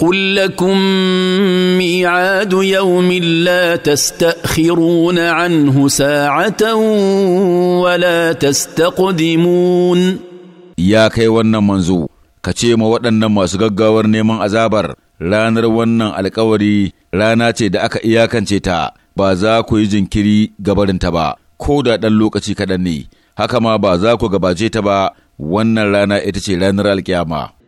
قل لكم ميعاد يوم لا تستاخرون عنه ساعه ولا تستقدمون يا كي wannan manzo ka ce ma waɗannan masu gaggawar neman azabar ranar wannan alkawari rana ce da aka iyakance ta ba za ku yi jinkiri gabarinta ba ko da ɗan lokaci kaɗan ne haka ma ba za ku gabace ta ba wannan rana ita ce ranar alkiyama